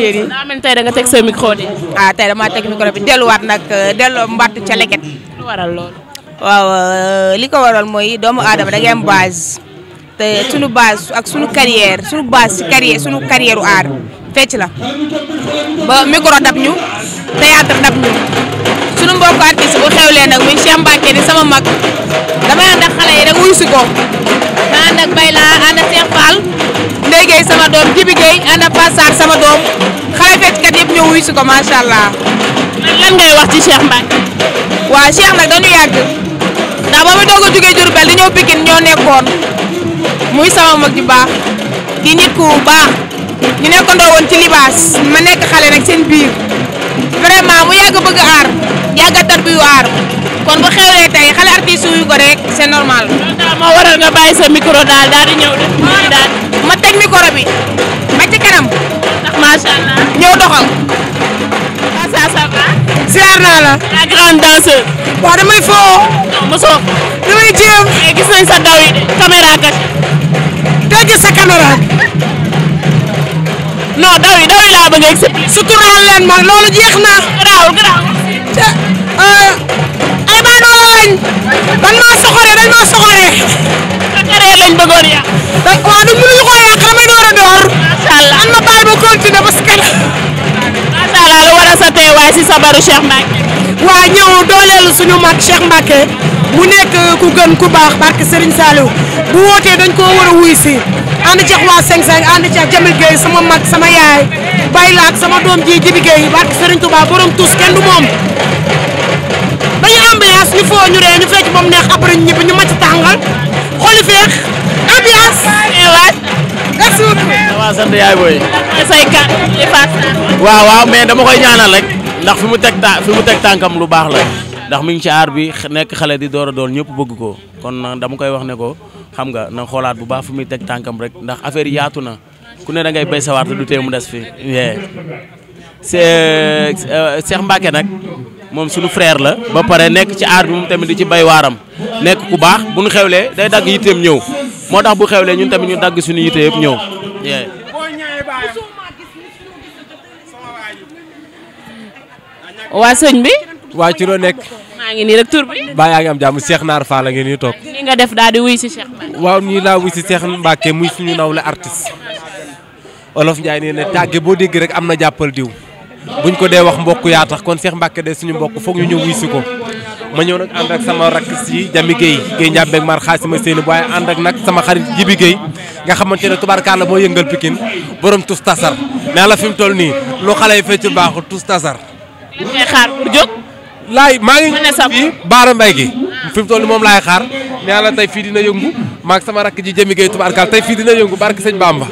chéri daa mel tey da nga teg sa micro de. ah tey damaa teg micro bi delluwaat nag euh, delloo mbattu ca leket. lu waral lool. waaw euh, li ko waral mooy doomu aadama da ngay am base. te sunu base ak sunu carrière sunu base si carrière sunu carrière aar fecc la ba micro dab ñu théâtre dab ñu sunu mbokku artiste bu xewlee nag muy Cheikh Mbacke di sama mag damay ànd ak xale yi rek wuyu ko. ma ànd ak Bayla ànd ak Cheikh Fall Ndeye sama doom Jibi Gueye ànd ak Pape Sarr sama doom xale fecckat yëpp ñëw wuyu si ko macha allah. ngay wax ci Cheikh Mbacke. waaw Cheikh nag dañu yàgg ndax ba mu doog a jugee Diourbel di ñëw Pikine ñoo nekkoon muy sama mag ju baax di nit ku baax ñu nekkandoo woon ci libaas ma nekk xale nag seen biir vraiment mu yàgg bëgg aar yàgg a tarbiyu aar kon bu xewlee tey xale artiste yu ko rek c'est normal. moo waral nga bàyyi sa micro daal daal di ñëw micro bi ba ci kanam. ndax macha allah ñëw naa la. la grande danseuse. damay foo. damay jéem. mais eh, gis nañ sa daw yi de caméra caché. doo gis sa caméra. non daw yi daw yi laa suturaal leen ma loolu jeex naa. garaawul garaawul. te euh, albaanoo lañ. dañ maa soxoree dañ maa soxoree. carrière lañ bëggoon yàq. donc waaw damay door a door. macha allah ma bàyyi ba continuer parce que. macha allah lu war a sa teewaay si sabaru Cheikh Mbacke. waa ñëw dooleelu suñu mag Cheikh Mbacke mu nekk ku gën ku baax barke Serigne Saliou bu wootee dañ koo war a wuy si ànd ceeg waa 55 ànd ceeg Jamil Gueye sama mag sama yaay bay laat sama doom ji Jibi Gueye barke Serigne Touba borom tous kenn du moom. dañu ambiance ñu foo ñu ree ñu fecc moom neex après ñu ñibbi ñu màcc tàngal. xoli feex ambiance waay gasuut dama sant yaay booy say kat li faas waaw waaw mais dama koy ñaanal rek ndax fi mu teg ta tànkam lu baax la ndax mi ngi ci aar bi nekk xale di doora a doon ñëpp bëgg ko kon nag dama koy wax ne ko xam nga na xoolaat bu baax fu muy teg tànkam rek ndax affaire yaatu na ku ne da ngay béy sawaar te du tee mu des fi euh, Cheikh Mbacké nag moom suñu frère la ba pare nekk ci aar bi moom tamit di ci bay waaram nekk ku baax bu ñu xewlee day dagg yitteem ñëw moo tax bu xewlee ñun tamit ñu dagg suñu yitte yëpp ñëw sëñ bi waa nekk maa ngi nii rek tur ngi am jàmm Cheikh Naar Fall ngeen ñu toog def daal di wuy si Cheikh waaw nii laa wuy si Cheikh Mbacke muy suñu naw la artiste olof njaay nee na tàgge boo dégg rek am na jàppal diw bu ñu ko dee wax mbokk yaa tax kon Cheikh Mbacke de suñu mbokk foog ñu ñëw wuy si ko ma ñëw nag ànd ak sama rakk si Jami Guèye Guèye Ndiabe ak Mar Xaasima Seyni waaye ànd ak nag sama xarit Jibi Guèye nga xamante ne tubaarkàlla moo yëngal Pikine boroom tus tasar mais la fi mu toll nii lu xale yi fecc baaxul tus tasar. xaar pour jóg. laay maa ngi. ma gi fi mu toll nii moom laay xaar. nee la tey fii dina yëngu maag sama rakk ji jëmi gay tubaarkaal tey fii dina yëngu barke sëñ Bamba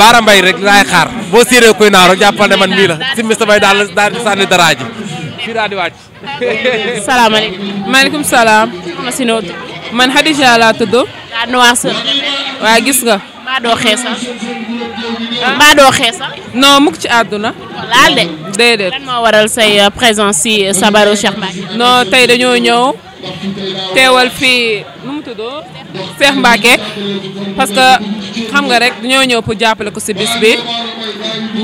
baara mbay rek laay xaar boo séeréer koy naaro jàppal ne man mii la simmi samay daal daal di sànni daraa ji fii maaleykum salaam ma si nootu man Xadija laa tudd laa waa gis nga mbaa doo xeesa ah? mbaa doo ci àdduna laal de déedéet lan waral say euh, présence si euh, Sabaru Cheikh Mbacké non tey dañoo ñëw teewal fii nu mu tuddoo Cheikh Mbacke parce que xam nga rek ñoo ñëw pour jàppale ko si bis bi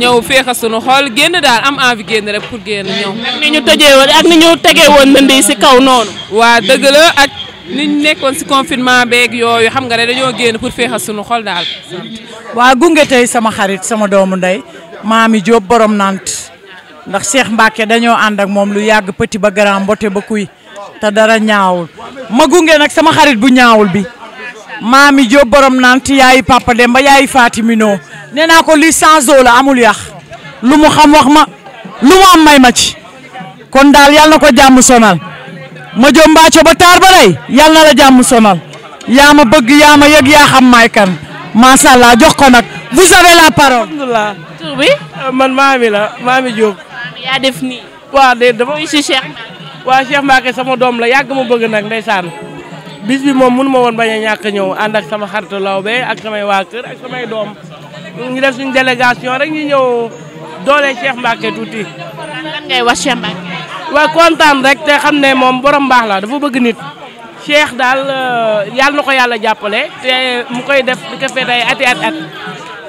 ñëw féexa sunu xool génn daal am envie génn rek pour génn ñëw. ni ñu tëjee woon ak ni ñu tegee woon si kaw noonu. waa dëgg ak ni ñu nekkoon si confinement beeg yooyu xam nga rek dañoo génn pour féexa sunu xol daal. waa gunge tey sama xarit sama doomu ndey i Diop borom nant ndax Cheikh Mbacke dañoo ànd ak moom lu yàgg pëti ba grand mbote ba kuy. te dara ñaawul ma gunge nag sama xarit bu ñaawul bi maami Diop borom nanti yaayu papa Demba yaayu Fatimino nee naa ko li sans eau la amul yàq lu mu xam wax ma lu mu am may ma ci kon daal yal na ko jàmm sonal ma jom mbaaco ba taar ba lay yal na la jàmm sonal yaa ma bëgg yaa ma yëg yaa xam maay kan macha allah jox ko nag vous avez la parole. alhamdulilah waaw Cheikh Mbacke sama doom la yàgg ma bëgg nag ndeysaan bis bi moom mënu ma woon bañ a ñàkk ñëw ànd ak sama xaritu lawbe ak samay waa kër ak samay doom ñu def suñu délégation rek ñu ñëw doole Cheikh Mbacke tuuti. lan ngay wax Cheikh kontaan rek te xam ne moom borom baax la dafa bëgg nit. Cheikh daal euh, yàlla na ko yàlla jàppale mu koy def di ka feete ay ati at at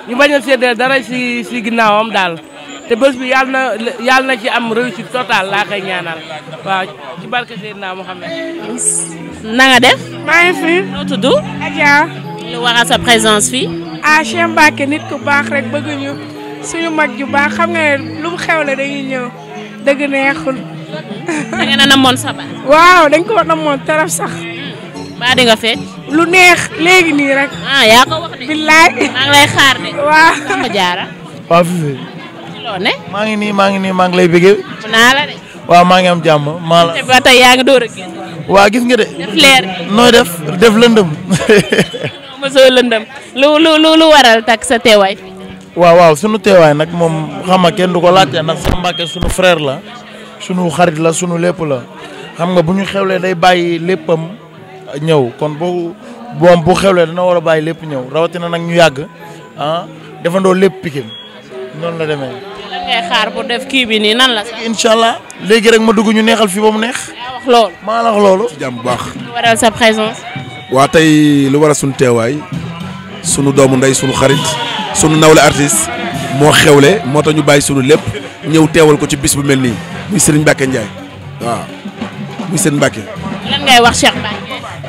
ñu bañ a séddee dara si si ginnaawam daal. te bés bi yàlla na yàlla na ci am réussite totale laa koy ñaanal waaw ci barke Seydina Mohamed. na nga def. maa ngi fi. noo tudd. Adja. lu sa présence fii. ah Cheikh Mbacke nit ku baax rek bëgguñu suñu mag ju baax xam nga ne lu mu xewle dañuy ñëw dëgg neexul. da ngeen a namoon sa waaw dañ ko namoon taraf sax. mbaa hmm. di nga feet. lu neex léegi nii rek. ah yaa ko billaay xaar de. waaw sama jaara. loo maa ngi nii maa ngi nii maa ngi lay bëggee. naa waaw maa ngi am jàmm maa la. ba yaa ngi door a génn. waa gis nga de. def nooy def def lëndëm. mosoo lëndëm lu lu waral tak sa teewaay. waaw waaw sunu teewaay nag moom xam nga kenn du ko laajte ndax sa Mbàkke sunu frère la sunu xarit la sunu lépp la xam nga bu ñu xewlee day bàyyi léppam ñëw kon boo moom bu xewlee dana war a bàyyi lépp ñëw rawatina nag ñu yàgg ah defandoo lépp pikin noonu la demee. lan kii bi nii nan la incha allah léegi rek ma dugg ñu neexal fi ba mu neex. maa loolu. ci bu baax. sa présence. waa tey lu waral suñ teewaay sunu doomu ndey sunu xarit sunu nawle artiste moo xewle moo tax ñu bàyyi sunu lépp ñëw teewal ko ci bis bu mel nii muy Serigne Mbacke Ndiaye waaw muy Serigne Mbacke.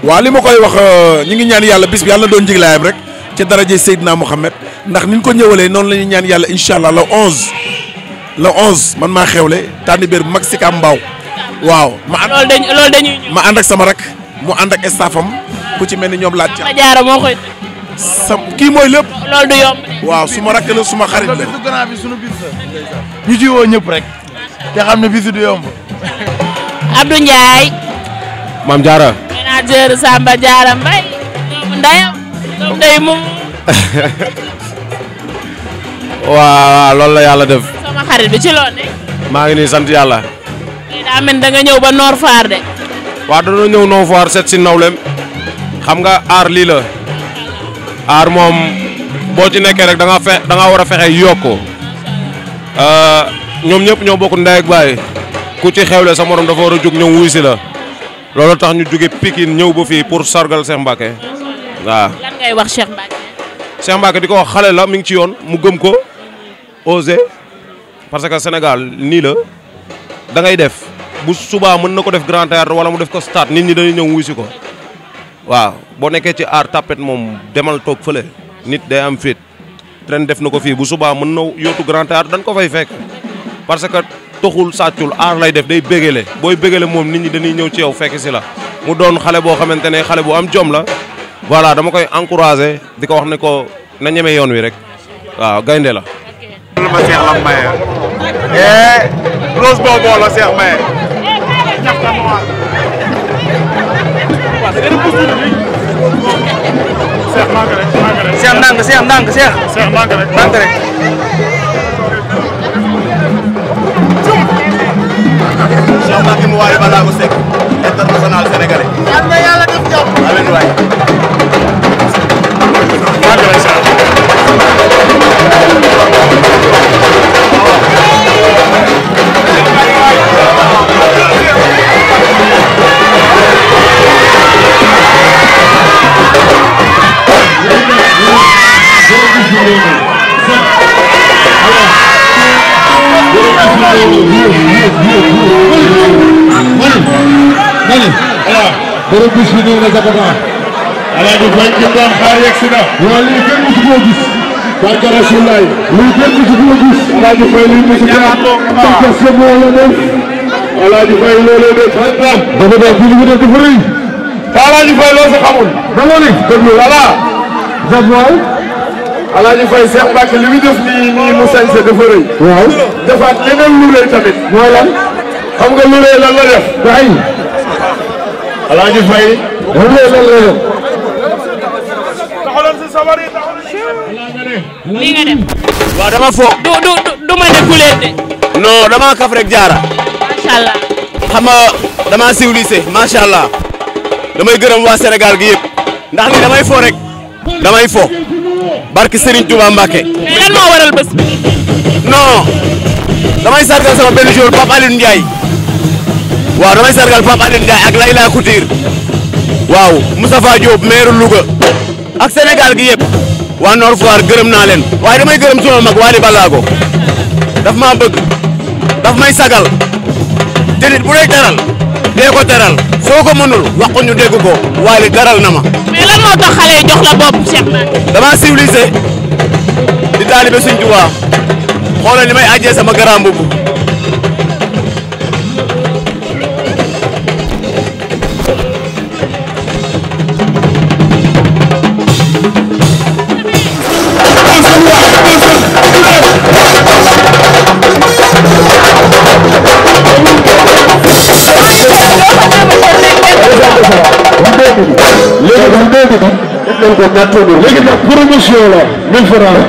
lan li ma koy wax euh, ñu ngi ñaan yàlla bis bi yàlla na doon jiglaayam rek ci daraje Seydina Mohamed ndax ni ñu ko ñëwalee noonu la ñuy ñaan yàlla incha allah le 11. le 11 man maa xewle tànn bu mag si kaam mbaaw waaw. ma ànd ak sama rak mu ànd ak staffam ku ci mel ni ñoom laaj. ca jaara moo koy. sam kii mooy lépp. loolu du yomb. waaw su ma rakk la su xarit la ñu ci woo ñëpp rek. te xam ne bisu du yomb. Abdou Ndiaye. maam Diarra. manager Samba Diarra Mbaye. doomu ndeyam. waaw waaw loolu la yàlla def. sama bi ci maa ngi nii sant yàlla. léegi daa ñëw ba Nord Foire de. waaw dañoo ñëw noor Foire seet si nawleem xam nga aar lii la aar moom boo ci nekkee rek da nga fe war a fexe yokk euh, ñoom ñëpp ñoom bokk ndey ak baay ku ci xewle sa morom dafa war a jóg ñëw wuy si la loolu tax ñu jóge Pikine ñëw ba fii pour sargal Cheikh Mbacké waaw. lan ngay di ko xale la mi ngi ci yoon mu gëm ko osé. parce que Sénégal nii la da ngay def bu subaa mën na ko def grand théâtre wala mu def ko stade nit ñi dañuy ñëw wuy si ko waaw boo nekkee ci aar tapet moom demal toog fële nit day am féet ren def na ko fii bu subaa mën na yootu grand théâtre dañ ko fay fekk parce que toxul sàccul aar lay def day bégale booy béggale moom nit ñi dañuy ñëw ci yow fekk si la mu doon xale boo xamante ne xale boo am jom la voilà dama koy encouragé di ko wax ne ko na ñeme yoon wi rek waaw gaynde la. eh rose boobu la Cheikh Maye. Cheikh maa ngi rek maa ngi rek. Cheikh ndànk Cheikh ndànk Cheikh. Cheikh maa ngi rek maa ngi rek. Cheikh Mbacké mu waaye balaa ko Seck international sénégalais. yal na yàlla def jàmm. amiin waay. waaw lii kenn mësu koo gis. barke Rasulaay. lii kenn mësu koo gis. Alaaji Fay lii mësu koo gis. sa moo la def. Alaaji Fay loolee def. dafa def bi mu def dafa rëy. te Alaaji Fay loo sa xamul. da nga ne déglu voilà. waay. Alaaji Fay Seex Mbàkke li mu def nii nii mu sañse dafa rëy. waaw defaat tamit. mooy xam nga lu la def. waaye. Alaaji Fay. lu rëy la def. li nga def. waaw dama fo. du du du ma de. non dama kaf jaara. macha dama siiw lycée damay gërëm waa Sénégal gi yëpp. ndax ni damay fo rek. damay fo. barke Serigne Touba Mbacke. mais damay sargal sama benn jour Pape Alioune Ndiaye. waaw damay sargal Pape Alioune Ndiaye ak Layla Couture. waaw Moustapha Diop maire Louga. ak Sénégal gi yëpp. waa Nord Foire gërëm naa leen waaye damay gërëm suma mag Waly Ballago daf maa bëgg daf may sagal te nit bu lay teral dee ko teral soo ko mënul wax ko ñu dégg ko Waly teral na ma. mais lan moo tax yi jox la bopp Cheikh Mbacke. damaa civilisé di taalibe Sëñ Tuubaa xoolal li may àjjee sama garam ko nattoo léegi nag promotion la 1000 francs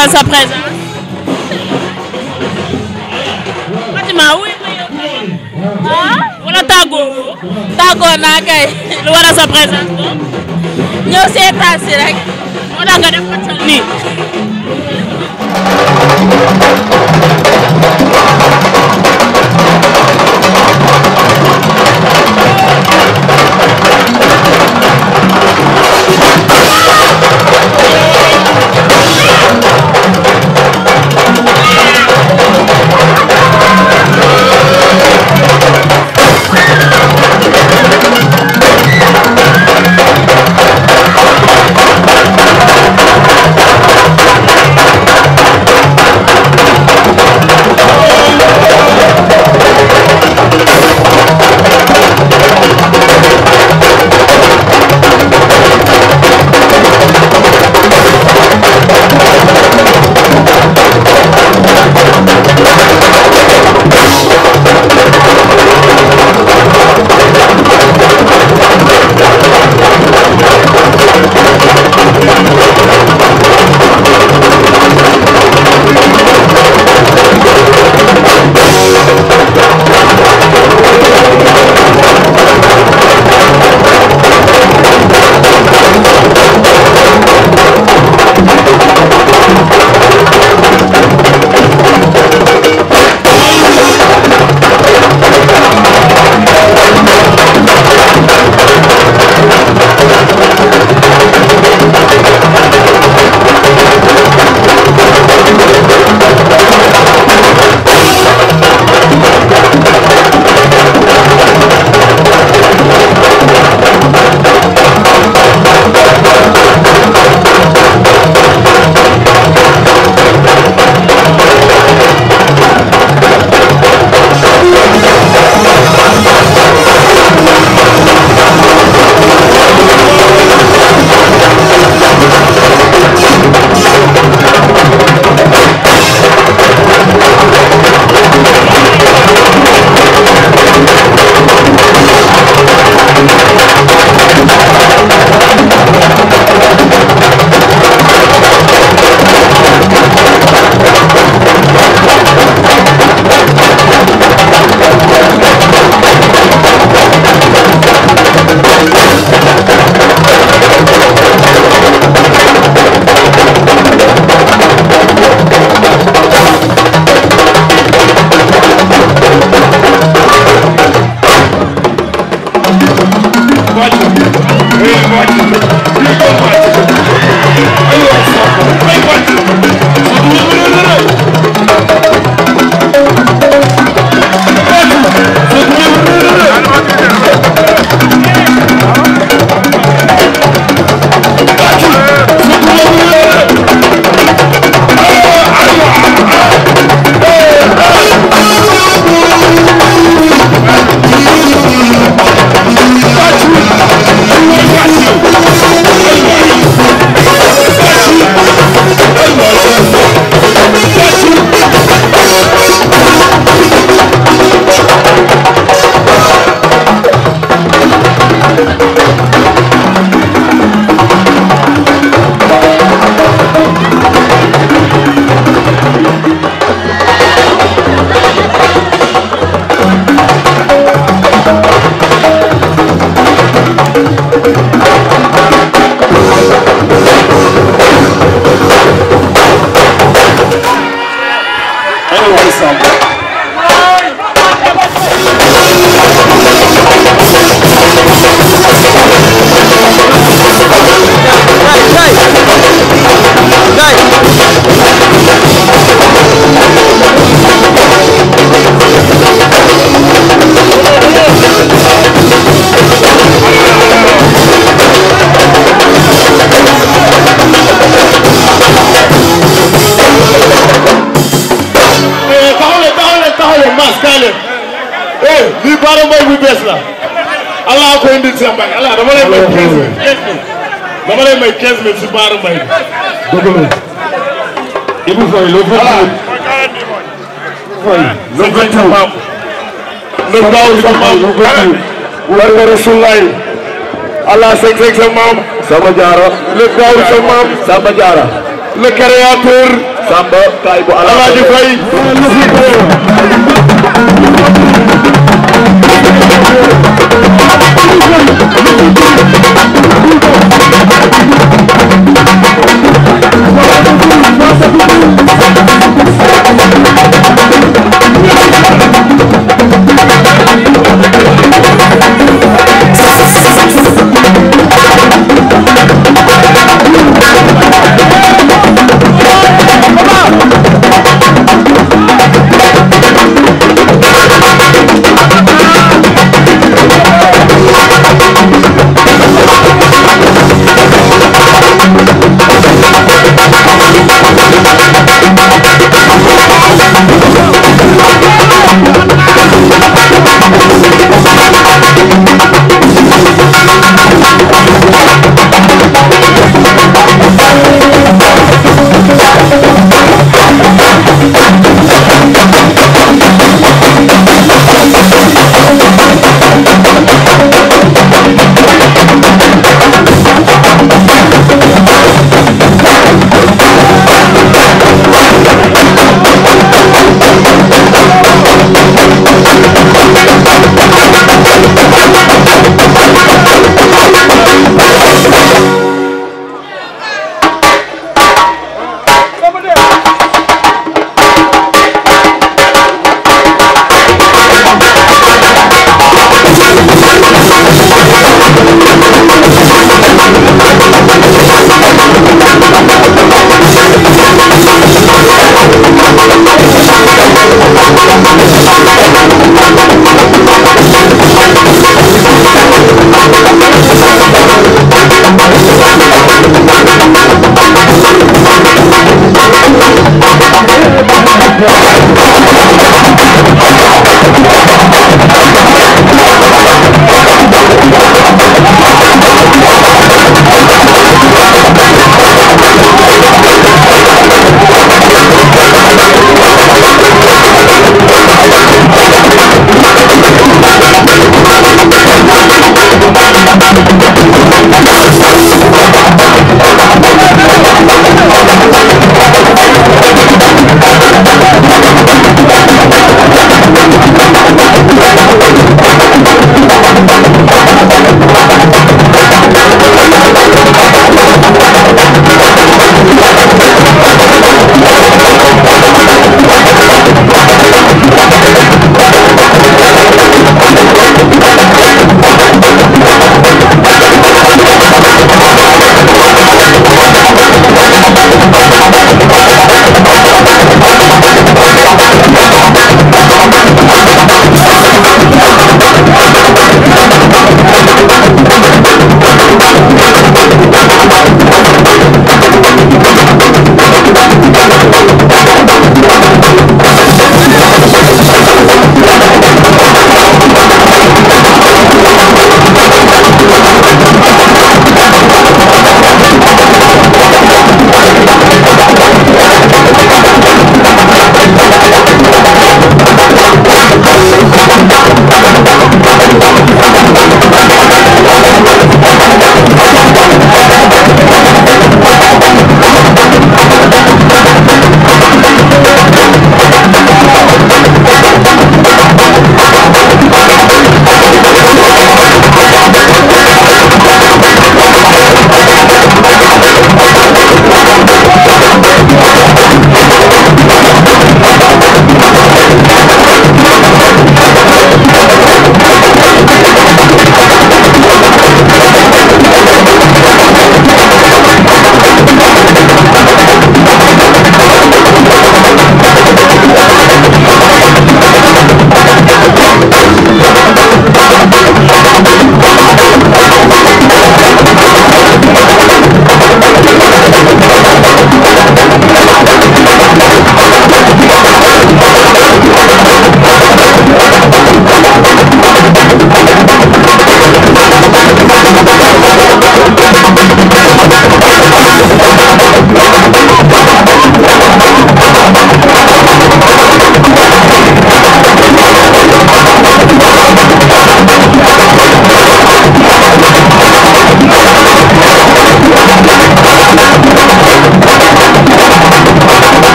waral sa présence. Fatima wuy ma yow tey ah wala tàggoo woo. tàggoo sa présence moom. si rek. moo tax nga nii. le 28 le 28 warga Rasulaay Allah sek sek sa maam Samba Diarra le Daoud sa maam Samba Diarra le créateur Samba Kaay bu Allah di fay Thank you.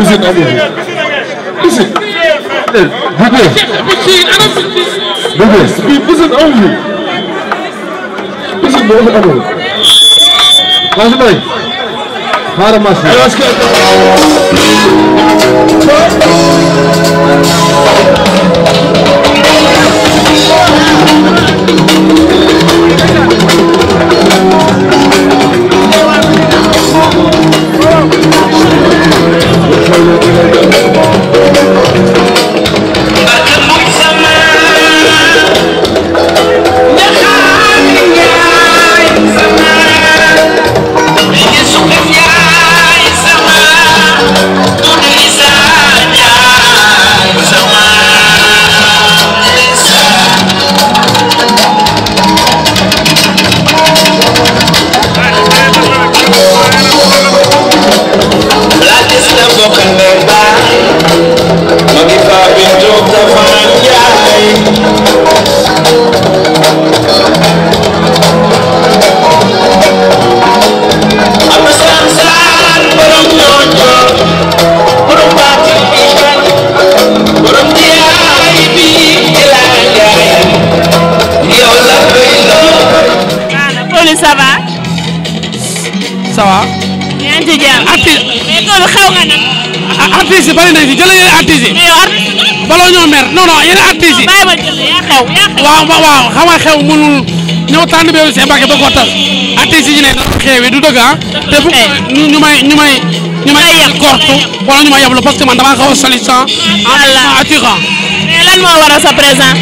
usine amul usine. buggee buggee bii usine amul usine boobu amul. maa ngi lay. xaaral maa si. وصلوا إلى الجنة waaw waaw ma waaw xam nga xew mënul ñëw tànn beeru Cheikh Mbacke ba ko tas artiste ñu ne dafa xeewee du dëgg ah. eh. te bu ñu may ñu may ñu may kortu wala ñu may yablu parce que man dama xaw a soli sans en attirant mais lan moo waral sa présent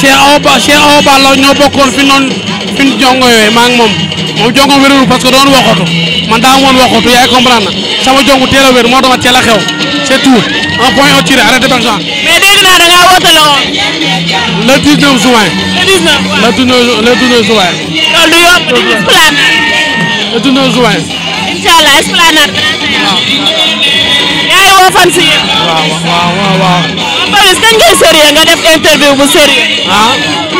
Cheikh Awa Ba ñoo bokkoon fi noonu fi jongo yooyu maa ngi moom moom jongo wérul parce que doon waxatu man daa woon waxatu yaay comprendre sama jongu teel a moo dama teel a xew c'est tout un point au tiré arrêté par dégg naa da ngaa woote loxo. le 19 juin. le 19 waaw le 19 le 19 juin. loolu du yomb di nga esplanade. le 19 juin. incha allah esplanade. waaw. yaa ngi woo fan si yéen. waaw waaw waaw waaw. Papis kañ ngay sérieux nga def interview bu sérieux. ah.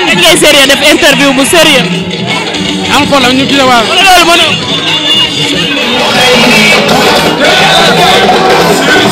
kañ ngay sérieux def interview bu sérieux. am problème ñu kii la waaw. loolu mënul.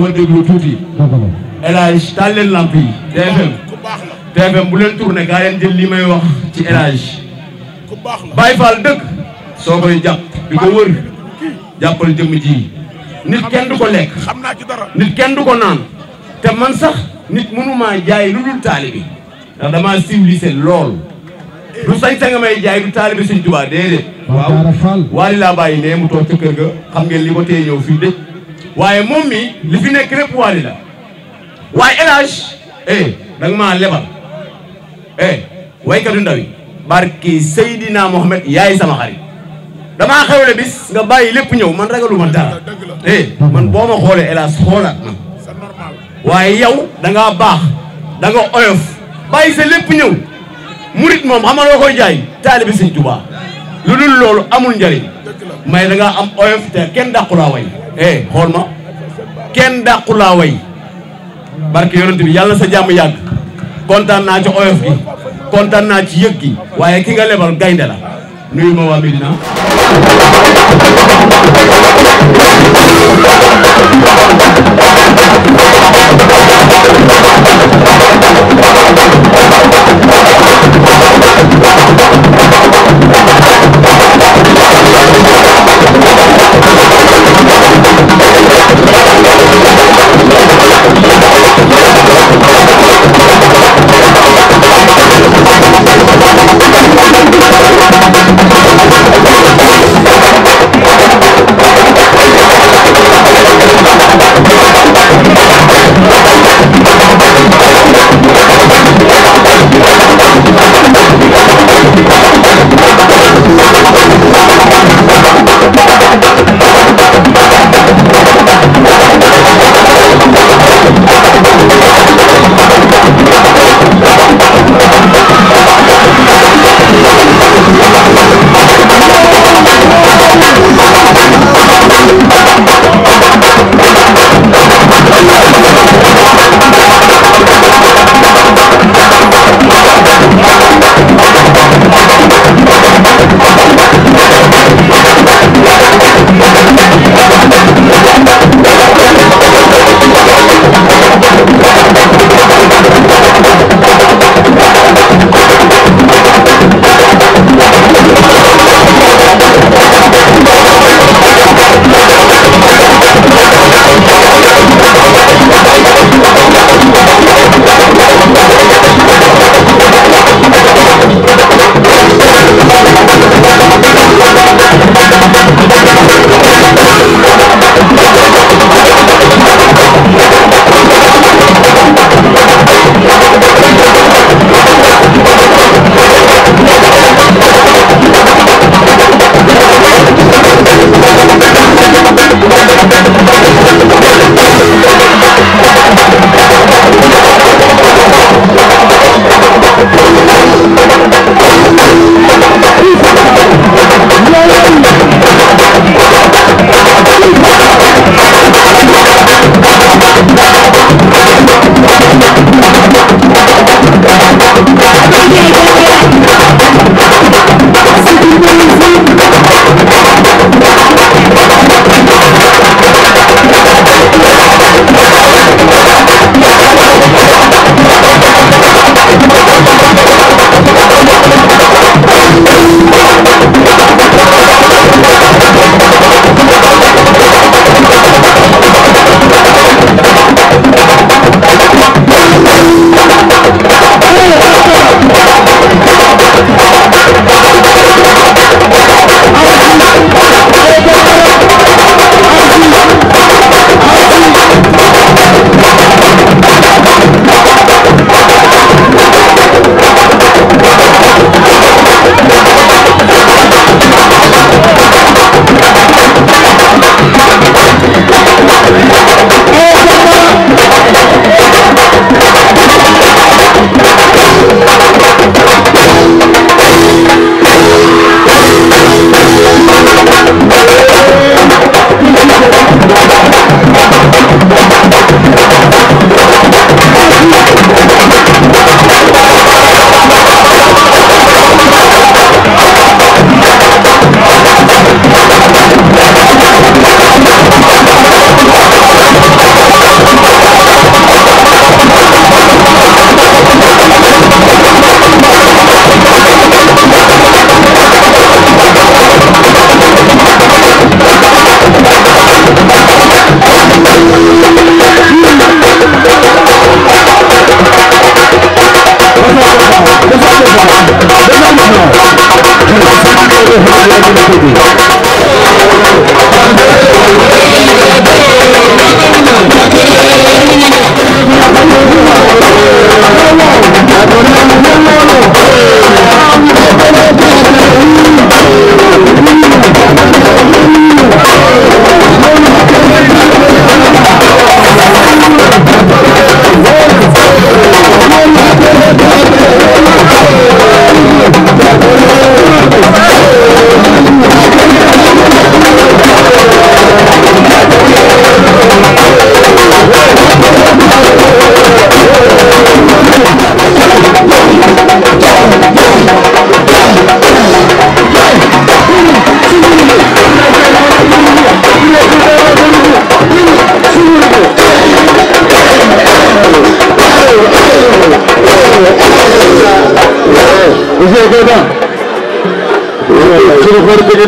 xaw a déglu tuuti. El Hadj taal leen lamp yi. bu leen ne gaa jël li may wax ci El Hadj. Baye Fall dëgg. soo koy jàpp di ko wër jàppal jëmm ji. nit kenn du ko lekk. xam naa ci dara nit kenn du ko naan. te man sax nit mënumaa jaay lu dul taalibi. ndax damaa civilisé lool. du sañ-sañ nga may jaay du taalibi Sëñ Tuubaa déedéet. waaw waaw Waly laa bàyyi ne mu toog ca kër ga. xam ngeen li ko tee ñëw fii de. waaye moom mi li fi nekk lépp waaye El Hadj eh danga maa lebal eh waykatu ndaw yi barki Seydina Mohamed yaay sama xarit damaa xewle bis nga bàyyi lépp ñëw man ragaluma dara eh man boo ma xoolee El Hadj xoolaat ma waaye yow da baax da oyof bàyyi sa lépp ñëw murit moom xam nga loo koy jaay taalibi Sëñ Tuubaa lu dul loolu amul njariñ may da ngaa am oyof te kenn dàqu eh xool ma kenn dàqu laa way barke yonent bi yàlla sa jàmm yàgg kontaan naa ci oyof gi kontaan naa ci yëg gi waaye ki nga lebal gaynde la nuyu ma waa Medina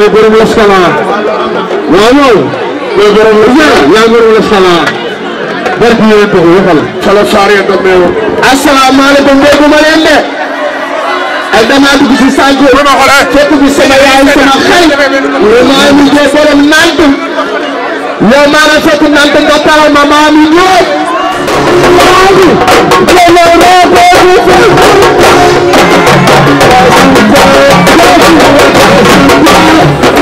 ne borom la sala waaw yow yow borom la sala yaa borom la sala barki yéen toog waxal sala saar yéen toog meew asalaamaaleykum déggu ma leen de ay damaa dugg si sànq eh. fekk bi sama yaay sama xarit maa ngi jee borom nant yow maa nga fekk nant nga taral ma maa mi ñëw maa ngi jëlee roo boobu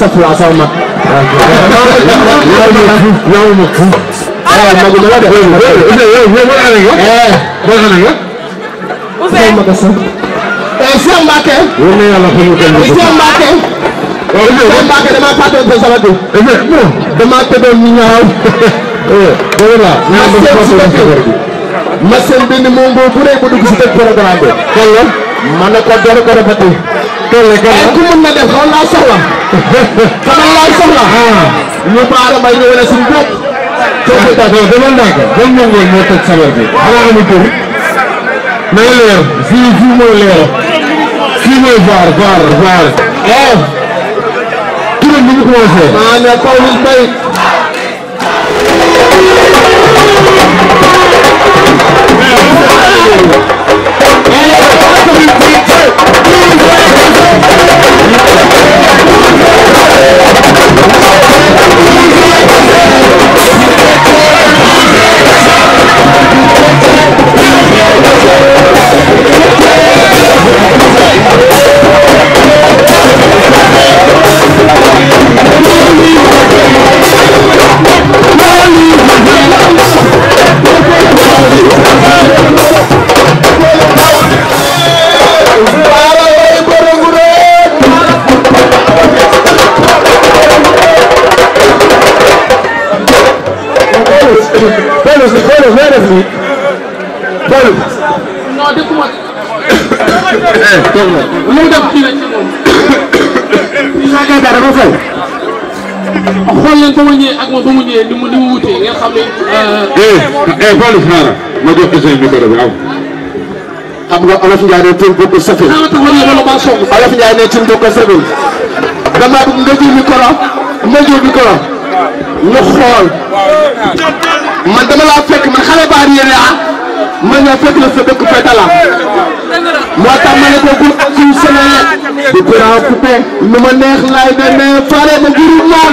safula asaw ma nawma fu magum ala de Cheikh Mbacke wóor na yàlla fa mu kenn Cheikh Mbacke Cheikh Mbacke dama fàtte de sama tur dama tëddoon ñu ñaaw voilà ma seen bind moo ngoo bu rëy ba dugg si teg programme bi kon la ma ne ko door ko répété tolle kan la ku mën na def loolu laa soxla. xamal laa soxla. Ah. ñu baara may ñu wane suñu bopp. soo ko defee demal naa ko ban mongol moo toj sabar bi xanaa amul tur. na leer fii fii mooy leer fii mooy vaar vaar vaar. waaw. Eh. turam bi ñu commencé. maa ne Pawlish Mbaye. Eh, Eh, def nii Fallou. ni mu ni mu wutee ngeen xam ne. Euh, eh Fallou eh, ko seen micro bi am. xam nga Olof Ndiaye ne nga jël micro. nga xool. man dama laa fekk man xale ba am yéene ah fekk la sa dëkk fetala moo tax ma ne ko gu akul sama di grand coupé ma neex laay ne ne fare ma nguru moom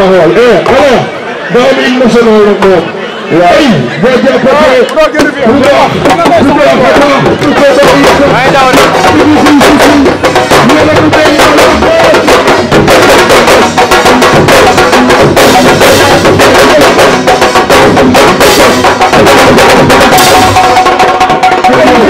taxawal eh ala da am une national nag moom. waaw ay boo jàppatee. bu baax bu baax bu baax. bu ko doon yëkkati. ay daaw de. ñu ngi suñ si suñ. ñu ne la ñu béy ñu ne la. Thank you.